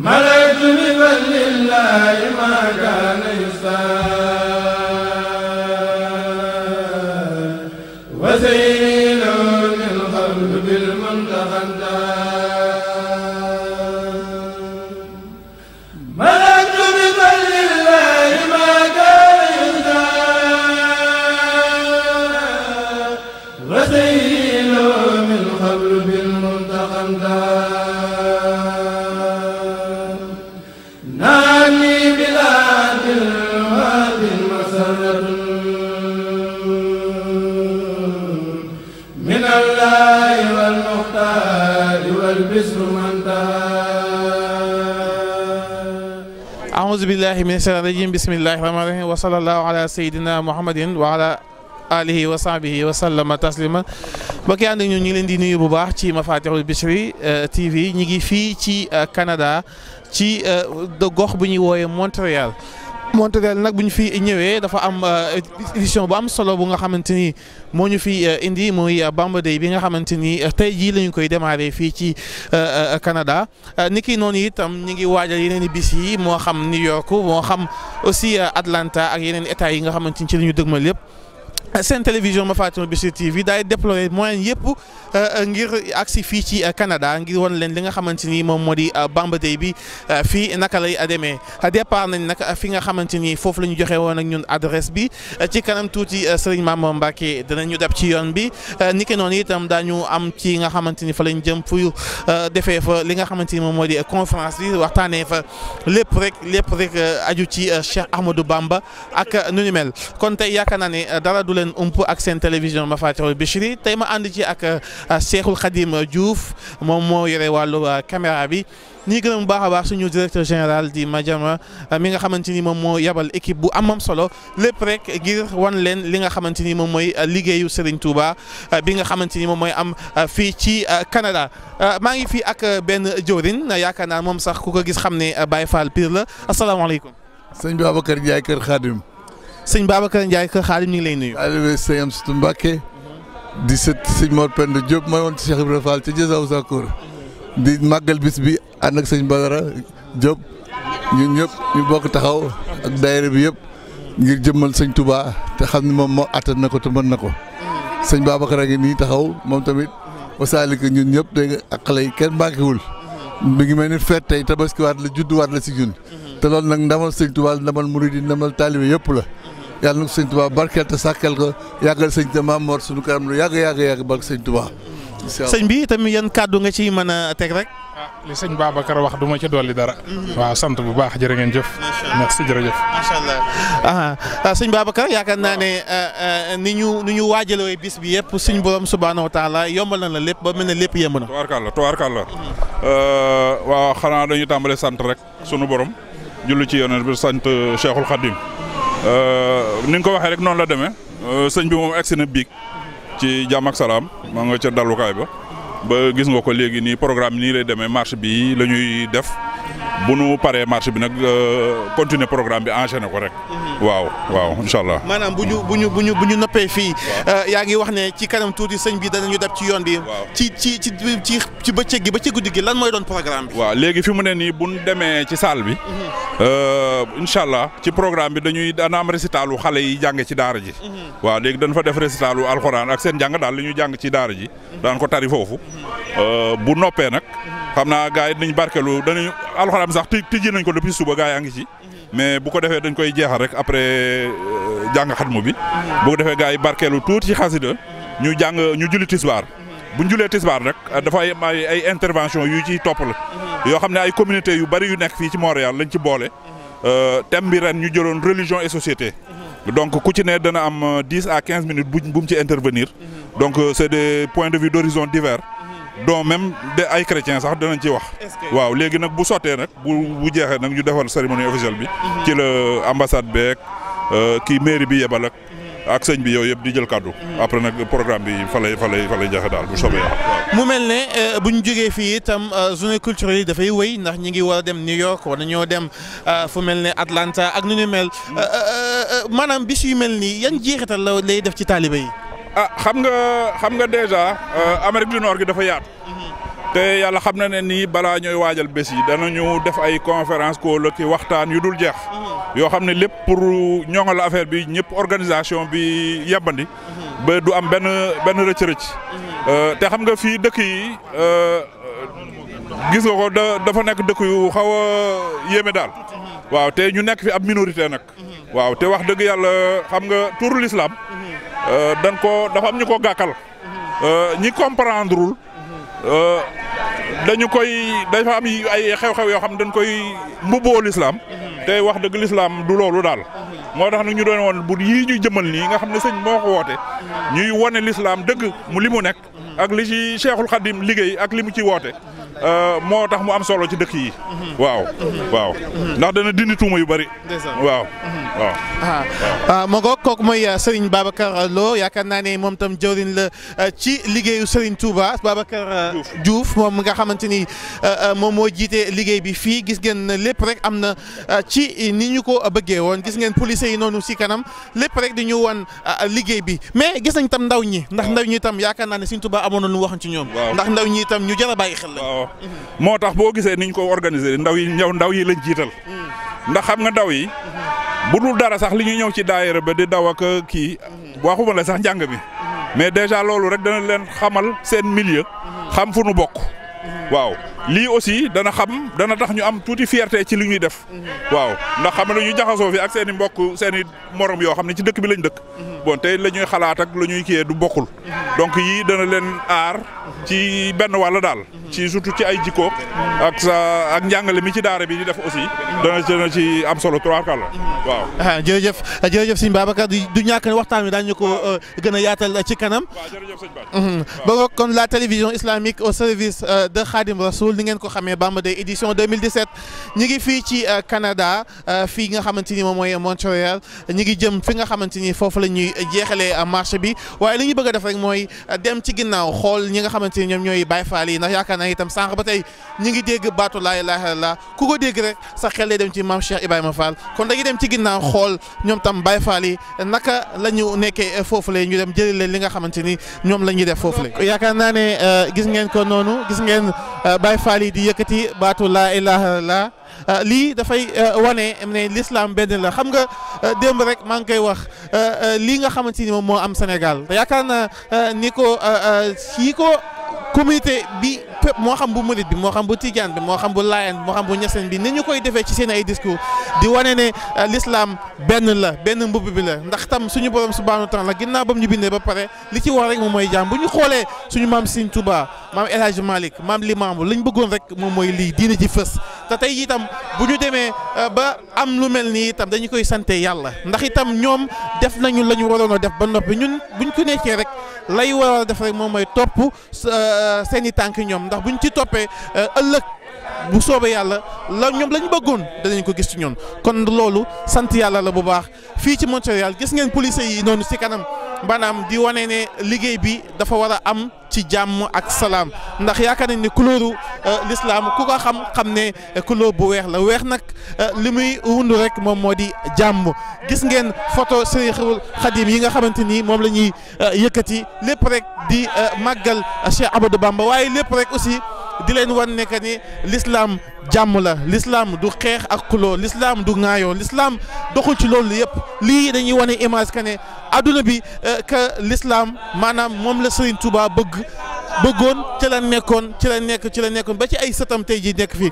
مريت ببل الله ما كان bismillahi rahmaani rahim wa sallallahu ala sayyidina muhammadin wa ala alihi wa sahbihi wa sallama taslima mbokki ànd ñu ngi leen di nuyu bu baax ci Mafatihul Bichri euh, TV ñi ngi fii ci euh, Canada ci euh, gox bu ñuy wooye Montréal Montréal nag bu ñu fi ñëwee dafa am euh, édition bu am solo bu nga xamante ni moo ñu fi euh, indi mooy euh, Bamba Day bi nga xamante ni tey jii lañu koy demare fii ci kanada ni ki noonu itam ñu ngi waaja yeneen i yi moo xam New York moo xam aussi Atlanta ak yeneen états yi nga xamante ni ci la ñu dëgmal lépp. seen télévision ma Fatima Bichri TV daay déployer moyen yëpp euh, euh, ngir agsi fii ci kanada euh, ngir wan leen li nga xamante ni moom moo di Bamba Day bi fii naka lay demee départ nañ nag fi nga xamante ni foofu la ñu joxe woon nag ñun adresse bi ci kanam tuuti Serigne Mame Mbacke dinañu dab ci yoon bi niki noonu itam daañu am ci nga xamante ni fa lañ jëm fu defee fa li nga xamante ni moom moo di conférence bi waxtaanee fa lépp rek lépp aju ci Cheikh Ahmadou Bamba ak nu mel kon tey yaakaar naa dara du leen ump ak seen télévision Mafatihul Bichri tey ma ànd ci ak euh, Cheikhul Khadim Diouf moom moo yore wàllu euh, caméra bi nii gërëm mu baax a baax suñu directeur général di Madiama euh, mi nga xamante ni moom moo yabal équipe bu am amam solo lépp rek ngir wan leen li nga xamante ni moom mooy liggéeyu Serigne Touba bi nga xamante ni moom mooy am fii ci Canada maa ngi fii ak benn jëwriñ yaakaar naa moom sax ku ko gis xam ne Baye Fall Pire la asalaamaaleykum. sëñ bi Abacar Ndiaye kër sëñ Babacar Ndiaye Kër Xaadim ñu ngi lay nuyu. Aliou sëñ Amsatou Mbacké di sët sëñ Mor Penda Diop ma woon ci Cheikh Ibrahima Fall ci Jazaw Sakour di màggal bis bi ànd ak sëñ Badara Diop ñu bokk taxaw ak daayira bi yëpp ngir jëmmal sëñ Touba te xam ne moom moo attan na ko te na ko sëñ Babacar a ngi nii taxaw moom tamit wasaalika ñun ñëpp dégg nga ak xale yi kenn bànkiwul mi ngi mel ni feet tey tabaskiwaat la judduwaat la si ñun te loolu nag ndamal sëñ Touba ndamal murid yi ndamal taalibe yëpp la. yàlla na ko sëñ Tuubaa barkeel te sàkkal ko yàggal sëñ te maam Mor suñu kanam lu yàgg yàgg yàgg barke sëñ Tuubaa. sëñ bi tamit yan kàddu nga ciy mën a teg rek. ah li sëñ Babacar wax du ma ci dolli dara. Mhm. waaw sant bu baax jërë ngeen jëf. macha allah ah, ah, ah, ni ñu ni ñu waajaloo bis bi yëpp suñ borom subhaanahu wa taala yombal na la lépp ba mel ne lépp yemb na. tubaarkàlla tubaarkàlla. Mhm. Euh, waaw xanaa dañu tàmbalee sant rek. sunu borom. jullu ci yonent bi sant euh, Cheikhul Khadim Euh, ni nga ko waxee rek noonu la demee euh, sëñ bi moom egsi na biig ci jàmm ak salaam maa nga ca dalukaay ba. ba gis nga ko léegi nii programme nii lay demee marche bi la def bu nu paree marche bi nag euh, continuer programme bi na ko rek. Mhm. waaw waaw incha allah. maanaam bu ñu bu ñu bu ñu bu ñu noppee fii. Euh, yaa ngi wax ne ci kanam tuuti sëñ bi danañu dab ci yoon bi. ci ci ci ci ci bëccëg gi ba ci guddi gi lan mooy doon programme bi. waaw léegi fi mu ne nii bu ñu demee ci salle bi. Mhm. Euh, incha allah ci programme bi dañuy dana am récitalu xale yi jànge ci daara ji. Mhm. waaw léegi dañ fa def récitalu alxuraan ak seen jàng daal ñuy jàng ci daara ji. daan ko Euh, bu noppee nag xam naa gars yi dinañ barkelu danañ alxuraan sax tijji nañ ko depuis suba gars yi a ngi ci mais bu ko defee dañ koy jeexal rek après euh, jàng xatmu bi bu ko defee gars yi barkeelu tuuti ci xasida ñu jàng ñu julli tisbaar bu ñu julee tisbaar rek dafa am ay intervention yu ciy topp la yoo xam ne ay communauté yu bari yu nekk fii ci Montréal lañ ci boole euh, thème bi ren ñu jëloon religion et société donc ku ci ne dana am dix à quinze minutes bu mu ci intervenir donc c'est de vue d'horizon donc même de ay chrétiens sax danañ ci wax. waaw léegi nag bu sottee nag bu bu jeexee nag ñu defal cérémonie officielle bi. Mhm. ci la ambassade beeg euh, kii mairie bi yebal ak. Mhm. ak sëñ bi yow yëpp di jël kàddu. Mhm. après nag programme bi fa lay fa lay fa lay jeexee daal bu soobee mu mel ne euh, bu ñu jógee fii itam euh, journée culturelle yi dafay wëy ndax ñi ngi war a dem New York war nañoo dem fu mel ne Atlanta ak nu ñu mel maanaam bi suy mel nii yan jeexital la lay def ci taalibe yi. ah xam nga xam nga déjà euh, Amérique du Nord gi dafa yaatu. te yàlla xam na ne nii balaa ñooy waajal bés yi danañu def ay conférence kóol ki waxtaan yu dul jeex. Mhm. yoo xam ne lépp pour ñoŋal affaire bi ñëpp organisation bi yebandi mhm. ba du am benn benn rëcc mhm. euh, te xam nga fii dëkk yi euh, gis nga ko dafa nekk dëkk yu xaw a yéeme daal. waaw te ñu nekk fi am minorité nag. waaw te wax dëgg yàlla xam nga turu l'islam euh, dañ ko dafa am ñu ko gàkkal mhm. euh, ñi comprendrewul mhm. euh, dañu koy dafa am ay xew-xew yoo xam dañ koy mbubboo l'islam mhm. te wax dëgg l'islam du loolu daal moo tax nag ñu doon woon bu yii ñuy jëmal nii nga xam ne sëñ moo ko woote ñuy wone l'islam dëgg mu li mu nekk ak li ci Cheikhul Khadim liggéey ak li mu ci woote Euh, moo tax mu am solo ci dëkk yi. Mhm. waaw waaw ndax dana dindi tuuma yu bari. waaw mhm. waaw. Ah, ah ma ngoog kooku mooy euh, Serigne Babacar Lo yaakaar naa ne moom tam jëwriñ la euh, ci liggéeyu Serigne Touba Babacar Diouf moom nga xamante ni moom moo jiite liggéey bi fii gis ngeen lépp rek am na ci ni ñu ko bëggee woon gis ngeen policiers yi noonu si kanam lépp rek di ñu wan liggéey bi mais gis nañ tam ndaw ñi ndax ndaw ñi tam yaakaar naa ne Serigne Touba amoon na lu waxoon ci ñoom. ndax ndaw ñi tam a moo tax boo gisee ni ko organiser ndaw yi ñëw ndaw yi lañ jiital. ndax xam nga daw yi. bu dul dara sax li ñuy ñëw ci daayira ba di daw ak kii. waxuma la sax njàng mi. mais déjà loolu rek dana leen xamal seen milieu. xam fu nu bokk. waaw. lii aussi dana xam dana tax ñu am tuuti fierté ci li ñuy def. waaw ndax xam na ñu jaxasoo fi ak seen i mbokk seen morom yoo xam ne ci dëkk bi lañ dëkk. bon te la ñuy xalaat ak la ñuy kiyee du bokkul. donc yi dana leen aar. ci benn wàll daal. ci surtout ci ay jikko. ak sa ak njàngale mi ci daara bi di def aussi. dana dana ci am solo trois kàlla. waaw ah jërëjëf jërëjëf sëñ Babacar du ñàkk ne waxtaan wi daañu ko euh, gën a yaatal ci kanam. waaw jërëjëf sëñ Ba. ba kon la télévision islamique loolu ni ngeen ko xamee Bamba Day édition 2017 ñi ngi fii ci euh, Canada euh, fii nga xamante ni moom mooy Montréal ñi ngi jëm fi nga xamante ni foofu la ñuy jeexalee euh, marché bi waaye li ñu bëgg a mooy dem ci ginnaaw xool ñi nga xamante ni ñoom ñooy Baye Fall yi ndax yaakaar naa itam sànq ba tey ñi ngi dégg baatu laa ilaaha ku ko dégg rek sa xel lay dem ci maam Cheikh Ibrahima Fall kon dem ci ginnaaw xool ñoom tam Baye Fall yi naka la ñu nekkee foofu la ñu dem jëli leen li nga xamante ni ñoom la ñuy def foofu la yaakaar naa ne gis ngeen ko noonu faal yi di yëkkati baatu laa ilaha la ah, lii dafay ah, wane ne l'islam benn la xam nga ah, démb rek maa ngi koy wax lii nga xamante ni moom moo am senegal yaakaar na ni ko kii communauté bi moo xam bu murit bi moo xam bu tijaan bi moo xam bu laayeen bi moo xam bu ñaseen bi ni ñu koy defee ci seen ay discours di wane ne euh, l'islam benn la benn mbubb bi la ndax tam suñu borom subhaanahu wa taala ginnaaw ba mu ñu bindee ba pare li ci wax rek moom mooy jaam bu ñu xoolee suñu maam Sëriñ Tuubaa maam El Hadj Malick maam Limaamu lañ bëggoon rek moom mooy lii diina ji fës te tey itam bu ñu demee euh, ba am lu mel nii itam dañu koy sante yàlla ndax itam ñoom def nañu la ñu waroon a def ba lay war a def rek moom mooy topp euh, seen i tànk ñoom ndax bu ñu ci toppee euh, ëllëg bu soobee yàlla la ñoom lañ bëggoon danañ ko gis ci ñoom kon loolu sant yàlla la bu baax fii ci Montréal gis ngeen policiers yi noonu si kanam. maanaam di wanee ne liggéey bi dafa war a am ci jàmm ak salaam ndax yaakaar nañ ne couleuru euh, lislaam ku ko xam xam ne couleur bu weex la weex nag euh, li muy wund rek moom moo di jàmm gis ngeen photo Serigne Khadim yi nga xamante ni moom la ñuy euh, yëkkati lépp rek di màggal Cheikh Ahmadou Bamba waaye lépp rek aussi di leen wan ne lislaam jàmm la l'islam du xeex ak xuloo l'islam du ŋaayoo lislaam doxul ci loolu yëpp li dañuy wane image que ne adduna bi euh, que l'islam maanaam moom la Serigne Touba bëgg bëggoon ci la nekkoon ci la nekk ci la nekkoon ba ci ay sëtam tey ji nekk fii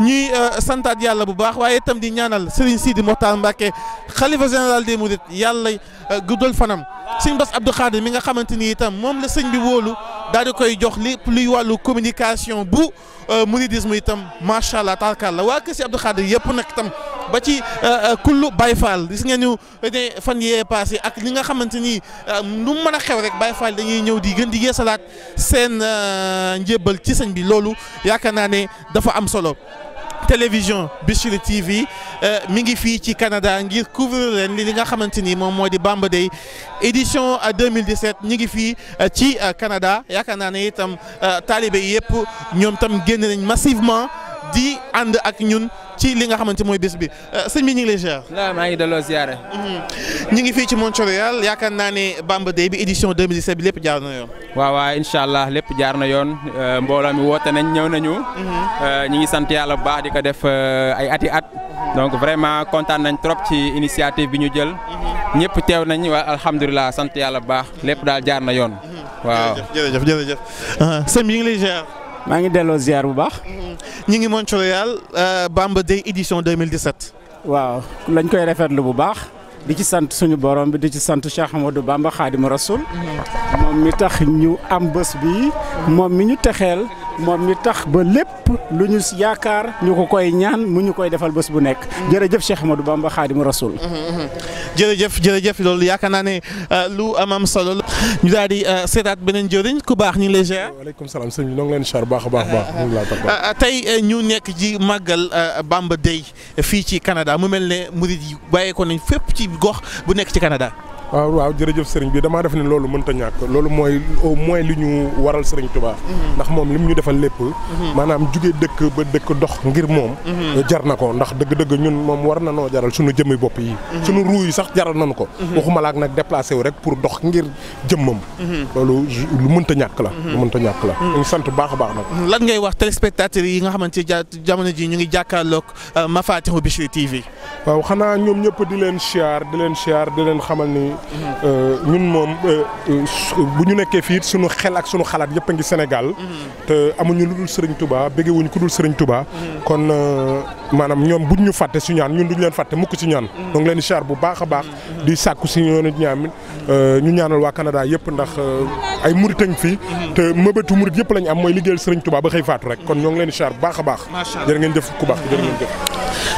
ñuy euh, santaat yàlla bu baax waaye itam di ñaanal Serigne Sidi Mokhtar Mbacké xalifa général des Mourides yàlla euh, guddal fanam Serigne Bass Abdou Khadir mi nga xamante ni itam moom la sëñ bi wóolu daal di koy jox li luy wàllu communication bu. Euh, mu itam macha allah tarkal la waa kër si Abdou Khadir yëpp nag itam ba ci euh, euh, kullu Baye Fall gis ngeen ñu ne fan yee passé ak li nga xamante ni lu mu mën a xew rek Baye Fall dañuy ñëw di gën di salaat seen njébbal ci sëñ bi loolu yaakaar naa ne dafa am solo. télévision Bichri TV euh, mi ngi fii ci kanada ngir couvrir leen li nga xamante ni moom moo di Bamba Day édition 2017 euh, ñi ngi fii euh, ci kanada yaakaar naa ne itam taalibe yëpp ñoom tam génn nañ massivement di ànd ak ñun. ci li nga xamante mooy bés bi euh, sëñ bi ñu ngi lay ziar. waaw maa ngi delloo ziare. Mhm. ñu ngi fii ci Montréal yaakaar naa ne bamb Day bi édition 2017 bi lépp jaar na yoon. waaw waaw allah lépp jaar na yoon euh, mbooloo mi woote nañ ñëw nañu. Mhm. Euh, ñu ngi sant yàlla bu baax di ko def ay ati at. Mhm. donc vraiment kontaan nañ trop ci initiative bi ñu jël. ñëpp teew nañ waa alhamdulilah sant yàlla bu baax lépp daal jaar na yoon. waaw jërëjëf bi ñu ngi maa ngi delloo ziar bu baax. ñi ngi Montréal euh, Bamba Day édition 2017. waaw lañ koy rafetlu bu baax. di ci sant suñu borom bi di ci sant Cheikh Amadou Bamba Xaadimu Rasul mm-hmm. moom mi tax ñu am bés bi mm-hmm. moom mi ñu texeel. moom mi tax ba lépp lu ñu yaakaar ñu ko koy ñaan mu ñu koy defal bés bu nekk. jërëjëf Cheikh Ahmadou Bamba Xaadimu Rasul. jërëjëf jërëjëf loolu yaakaar naa ne euh, lu amam solo ñu daal di euh, seetaat beneen jëriñ ku baax ñu ngi lay ziar. waaleykum salaam sëñ bi ñoo ngi leen char a baax baax. Euh, tey ñu nekk ji màggal Bamba dey fii ci kanadaa mu mel ne murid yi bàyyeekoo nañ fépp ci gox bu nekk ci Canada. waaw ah, waaw jërëjëf sëriñ bi damaa def ne loolu ta ñàkk loolu mooy au moins li ñu waral sëriñ Tuubaa mhm. ndax moom li mu ñu defal lépp mhm. maanaam jugee dëkk ba dëkk dox ngir moom mhm. jar na ko ndax dëgg-dëgg ñun moom war na noo jaral suñu jëmmi bopp yi suñu ruu yi sax jaral nañu ko waxuma laak nag déplacé wu rek pour dox ngir jëmmam loolu lu mënta ñàkk la lu ta ñàkk la ñu sant baax a baax nag lan ngay wax téléspectateurs yi nga xamante jamono ji ñu ngi jàkkaarloog euh, Mafatihul Bichri TV waaw xanaa ñoom ñëpp di leen siyaar di leen siyaar di leen xamal Sénégal euh, moom euh, bu ñu nekkee fii suñu xel ak suñu xalaat yëpp a ngi Sénégal mhm. te amuñu lu dul tubaa Touba béggewuñu ku dul Serigne tubaa mhm. kon euh, maanaam ñoom buñ ñu fàtte su ñaan ñun duñ leen fàtte mukk si ñaan donc mhm. leen char bu baax a baax di sàkku si ñu ñaanal waa Canada yëpp ndax ay murit a fii te mëbëtu murit yëpp lañ am mooy liggéeyal Serigne tubaa ba xëy faatu rek kon ñoo ngi leen char bu baax a baax jërë ngeen jëf ku baax jërë ngeen jëf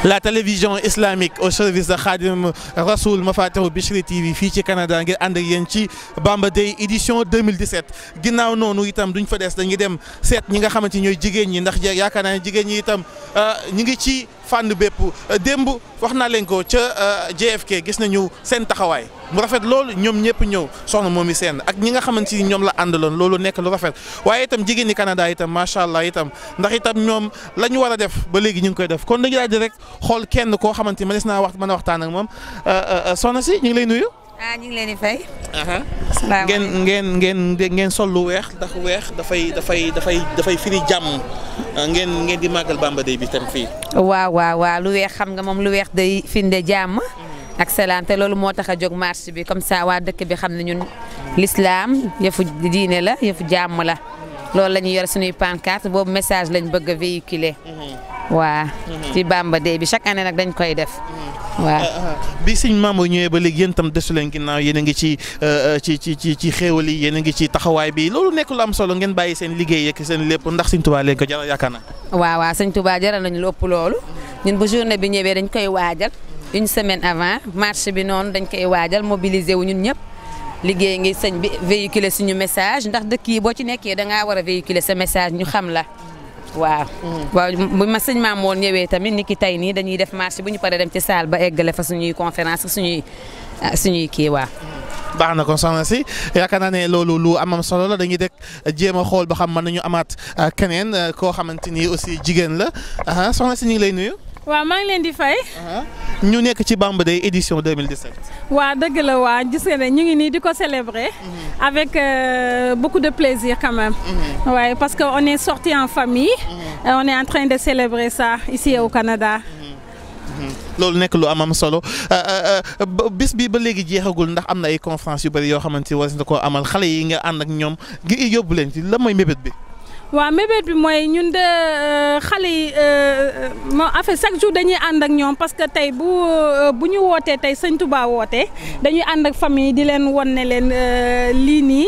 la télévision islamique au service de Khadim Rasoul Mafatihu Bichri TV fii ci Canada ngir ànd ak yéen ci Bamba Day édition 2017 ginnaaw noonu itam duñ fa des dañuy dem seet ñi nga xamante ñooy jigéen ñi ndax yaakaar naa ne jigéen ñi itam euh, ñu ngi ci fànn bépp euh, démb wax naa leen ko ca euh, JFK gis nañu seen taxawaay mu rafet loolu ñoom ñëpp ñëw soxna moom i seen ak ñi nga xamante ni ñoom la àndaloon loolu nekk lu rafet waaye itam jigéen ñi Canada itam macha allah itam ndax itam ñoom la ñu war a def ba léegi ñu ngi koy def kon dañu daal di rek xool kenn koo xamante ni mënees naa wax mën a waxtaan ak moom ah ñu leen di fay. ngeen ngeen ngeen sol lu weex ndax weex dafay dafay dafay dafay firi jàmm ah, ngeen ngeen di màggal Bamba Day bi tam fii. waaw waaw waaw lu weex xam nga moom lu weex day finde jàmm. ak salaam te loolu moo tax a jóg marche bi comme ça waa dëkk bi xam ne ñun lislaam yëfu diine la yëfu jàmm la loolu la ñuy yor suñuy pancarte boobu message lañ bëgg a véhiculer. Mhm. waa mhm. ci Bamba Day bi chaque année nag dañ koy def. Mhm. waaw eh, eh, eh. bi sëñ Mamour ñëwee ba léegi yéen itam desu leen ginnaaw a ngi ci euh, euh, ci ci ci ci xéewal a ngi ci taxawaay bi loolu nekk lu am solo ngeen bàyyi seen liggéey ak seen lépp ndax sëñ Touba leen ko jaral yaakaar na. waaw waaw sëñ Touba jaral nañu lu ëpp loolu ñun bu journée bi ñëwee dañ koy waajal une avant marche bi noonu dañ koy waajal mobiliser wu ñun ñëpp. liggéey ngi sëñ bi véhiculer suñu message ndax dëkk yi boo ci nekkee da ngaa war véhiculer sa message ñu xam la. waaw mm. waaw ma sëñ maam woon ñëwee tamit ni ki tey nii dañuy def marché bu ñu paree dem ci salle ba eggale fa suñuy conférence suñuy ah, suñuy kii waaw mm. baax na ko soxna si yaakaar naa ne loolu lu amam solo la dañuy dek jéem a xool ba xam mën nañu amaat ah, keneen ah, koo xamante ni aussi jigéen la soxna si ñu lay nuyu waaw maa ngi leen di fay. Uh-huh. ñu nekk ci Bamba Day édition 2017. waaw dëgg la waa gis nga ne ñu ngi nii di ko célébrer. Uh-huh. avec euh, beaucoup de plaisir quand même. Uh-huh. parce que on est sorti en famille. Euh, on est en train de célébrer ça ici au Canada. loolu nekk lu am am solo euh, bis bi ba léegi jeexagul ndax am na ay conférence yu bari yoo xamante ne war na ko amal xale yi nga ànd ak ñoom ngir yóbbu leen ci la mooy mébét bi. waa mébét bi mooy ñun de euh, xale yi euh, euh, moo en fait chaque jour dañuy ànd ak ñoom parce que tey bu bu ñu wootee tey sëñ Touba wootee dañuy ànd ak famille di leen won ne leen lii nii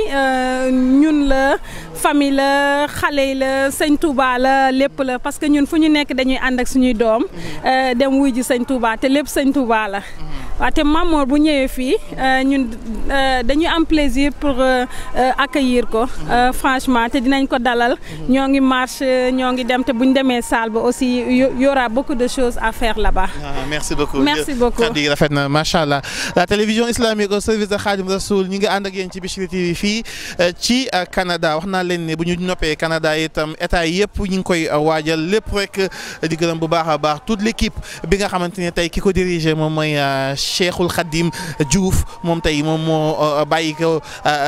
ñun la famille la xale yi la sëñ Touba la lépp la parce que ñun fu ñu nekk dañuy ànd ak suñuy doom dem wuy ji sëñ Touba te lépp sëñ Touba la. waaw te bu ñëwee fii ñun dañuy am plaisir pour accueillir ko franchement te dinañ ko dalal. Mm-hmm. ñoo ngi marche ñoo ngi dem te bu ñu demee salle ba aussi y aura beaucoup de choses à faire là-bas. Ah, merci beaucoup merci beaucoup Khady rafet na macha allah la télévision islamique au service de Khadim Rasoul ñi ngi ànd ak yéen ci Bichri TV fii euh, ci kanada euh, wax naa leen ne bu ñu noppee kanada itam état yëpp ñu ngi koy euh, waajal lépp rek di gërëm bu baax a baax toute l' équipe bi nga xamante ne tey ki ko dirigé moom mooy Cheikhul Khadim Diouf moom tey moom moo bàyyi ko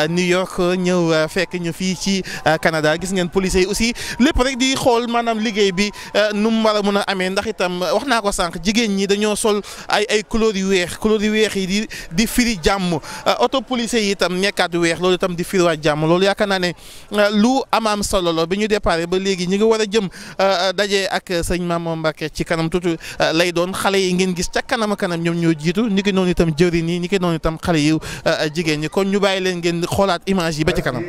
New York ñëw fekk ñu fii ci Canada gis ngeen police lycée aussi lépp rek di xool maanaam liggéey bi euh, nu mu war a mën a amee ndax itam euh, wax naa ko sànq jigéen ñi dañoo sol ay ay couleur yu weex couleur yu weex yi di di firi jàmm oto euh, policier yi itam nekkaat yu weex loolu itam di firi waa jàmm loolu yaakaar naa ne lu amaam solo la bi ñu déparé ba léegi ñi ngi war a jëm daje ak sëñ Maam Mbacke ci kanam tuuti lay doon xale yi ngeen gis ca kanam a kanam ñoom ñoo jiitu ñi ki noonu itam jëriñ yi ñi ki noonu itam xale yu jigéen ñi ñu bàyyi leen ngeen xoolaat image yi ba ci kanam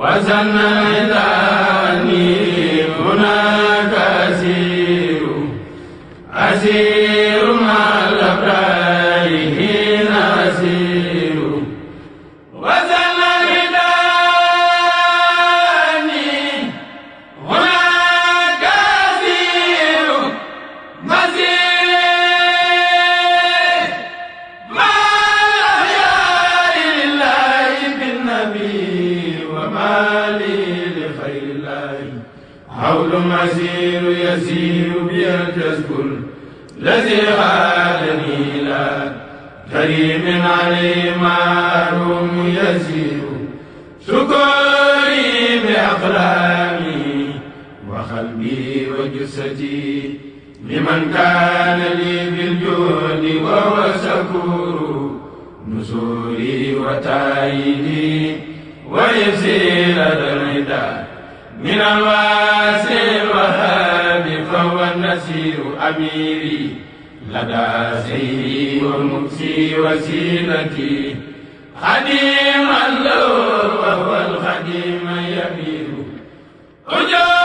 وزن إلى أني هناك نواسي الوهاب فهو النسير أميري لدى سيدي ومكسي وسيلتي خديما له وهو الخديم يبير أجاب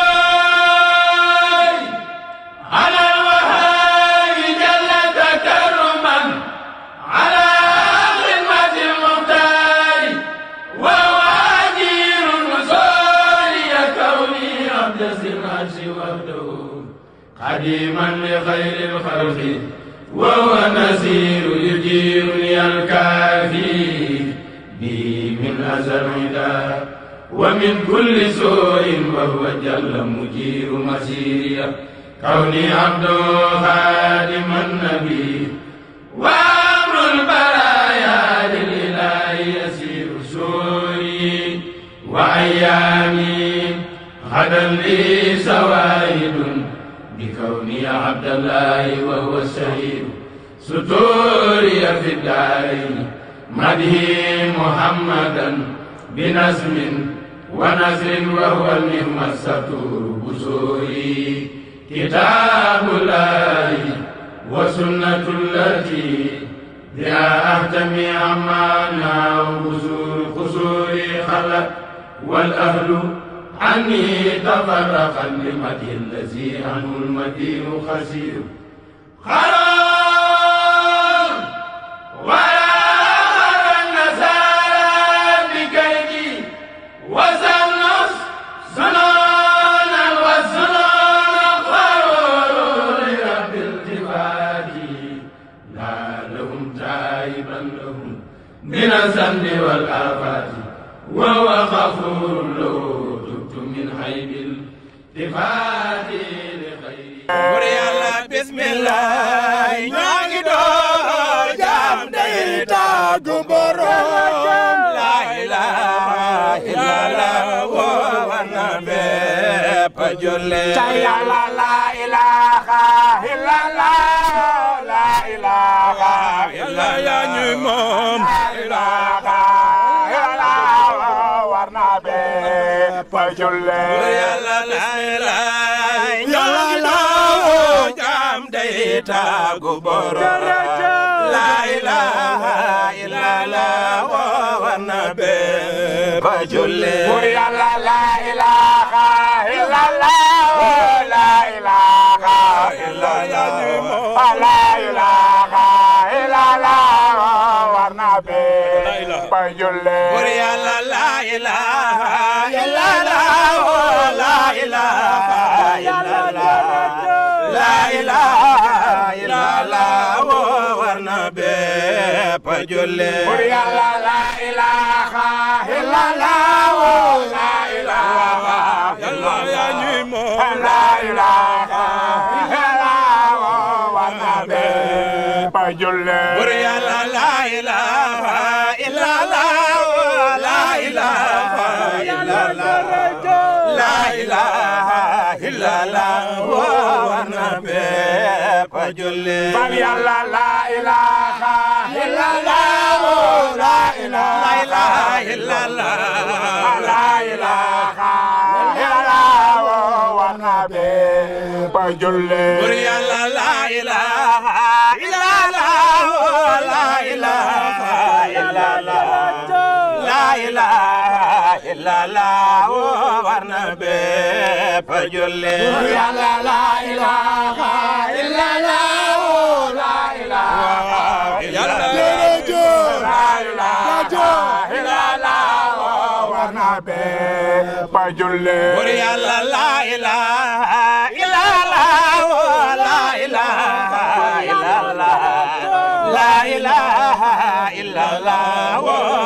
خير الخلق وهو النذير يجيرني الكافي بي من أزل عدا ومن كل سوء وهو جل مجير مسيري كوني عبد خادم النبي وأمر البرايا للإله يسير سوري وأيامي غدا لي سوائد بكوني عبد الله وهو الشهيد ستوري في الدارين مدهي محمدا بنزم ونزل وهو النعم الستور بسوري كتاب الله وسنة التي بها أهتمي أمانا وبزور قصوري خلت والأهل عني تفرقا لمدي الذي عنه المدين خسير خراب ولا النسارى بكيدي وزنس زنان وزنان قرور لرب الجبال لا لهم تائبا لهم من الذنب والآفات وهو غفور لهم min xaybil difaati li xayri bur yàlla bismillah ñoo ngi door jaam day tàggu borom laa ilaaha illallah wa na bépp julle ca yàlla laa ilaaha illallah laa ilaaha illallah ñu moom la la koy julle bur yàlla la ilaha illallah la ilaha illallah la ilaha illallah war na bépp julle bur yàlla la ilaha illallah la ilaha illallah ya ñuy moom la ilaha illallah war na bépp julle bur yàlla la ilaha julli fab yàlla la ilaha illallah la ilaha illallah la ilaha illallah wa nabi ba julli bur yàlla la ilaha illa laahu war na bépp julli yàlla la ilaha illa laahu la ilaha illa jërëjëf la ilaha illa laahu war na bépp julli yàlla la ilaha illa laahu la ilaha illa la ilaha illa laahu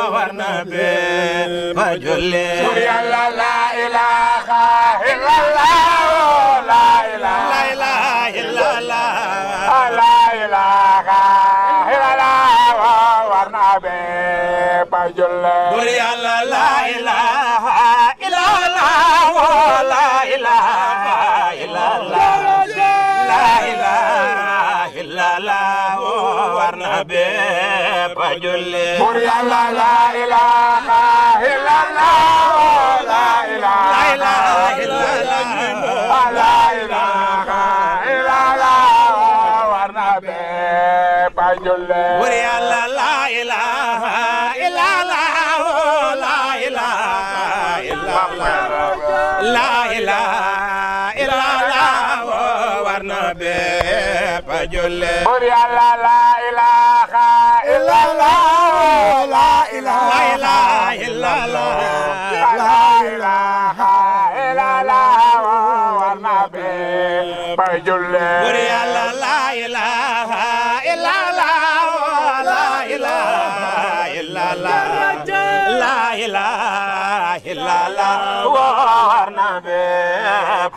به فجلي سوريا لا لا إله إلا الله لا إله إلا الله لا إله إلا الله ورنا به فجلي سوريا لا لا إله إلا الله bépp la ilaha illallah la ilaha illallah bay julle bur yàlla la ilaha illa la la ilaha illa la la ilaha illa la war na be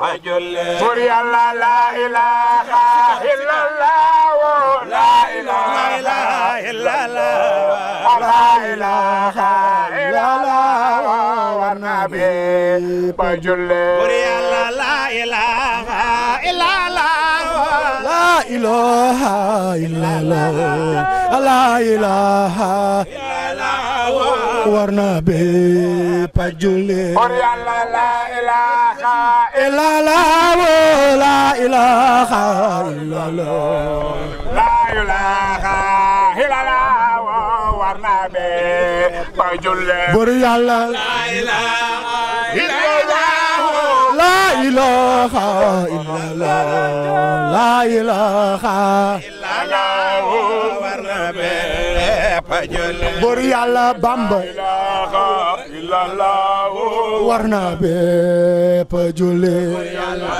bay julle bur yàlla la ilaha illa la la ilaha illa la la ilaha illa la war na be bay julle bur yàlla إله إلا الله لا إله إلا الله ورنبي بجولي لا إله إلا الله لا إله إلا الله لا إله إلا الله ورنبي بجولي لا إله ilaha illallah la ilaha illallah war na bépp jël bur yàlla bamba Oh. war na bépp julli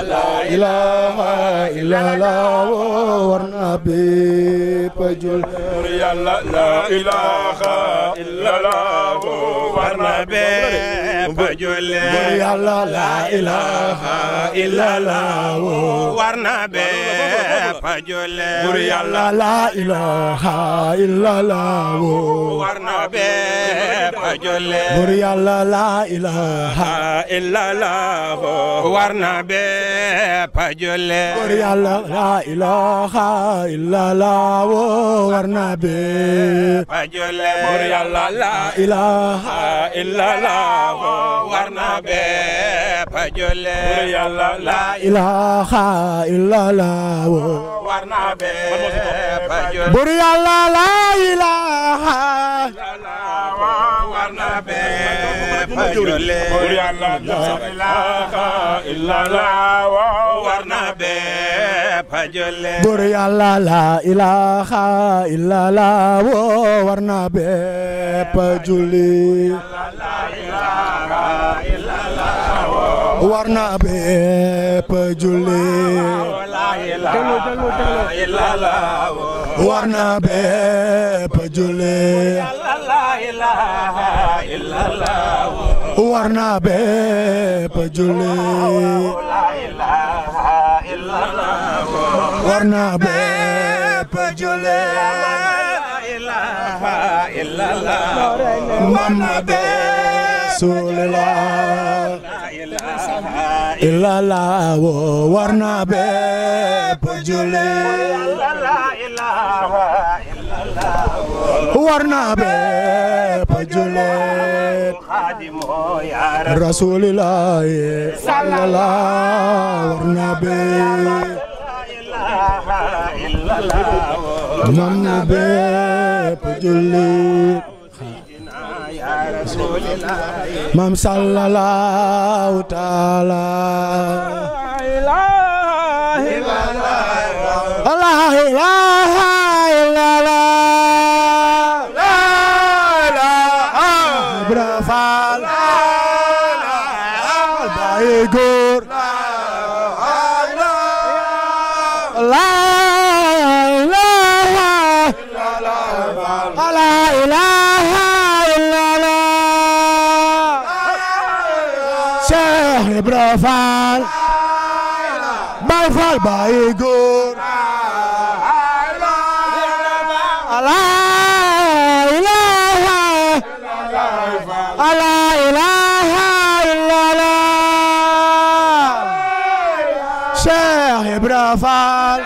la ilaha illallah oh. war na bépp julli la ilaha illallah war na bépp julli la ilaha illallah war na bépp julli la ilaha illallah oh. war na bépp julli yàlla la ilaha illallah war na la ilaha illallah war na la ilaha illallah buur yàlla la ilaha illala julli war na julli war naa bépp julli war naa bépp julli Muhammad Rasulullah illallah war naa bépp julli war na bépp jullit rasulillah sallallahu war na bépp moom na bépp jullit maam sallallahu taala la ilaha illallah ay góor Cheikh Ibra Fall Baay Fall Cheikh Ibra Fall